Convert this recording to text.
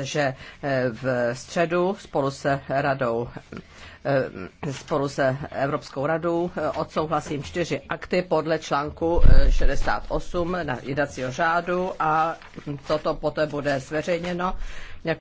že eh, v středu spolu se radou eh, spolu se Evropskou radou eh, odsouhlasím čtyři akty podle článku 68 na jednacího řádu a toto poté bude zveřejněno.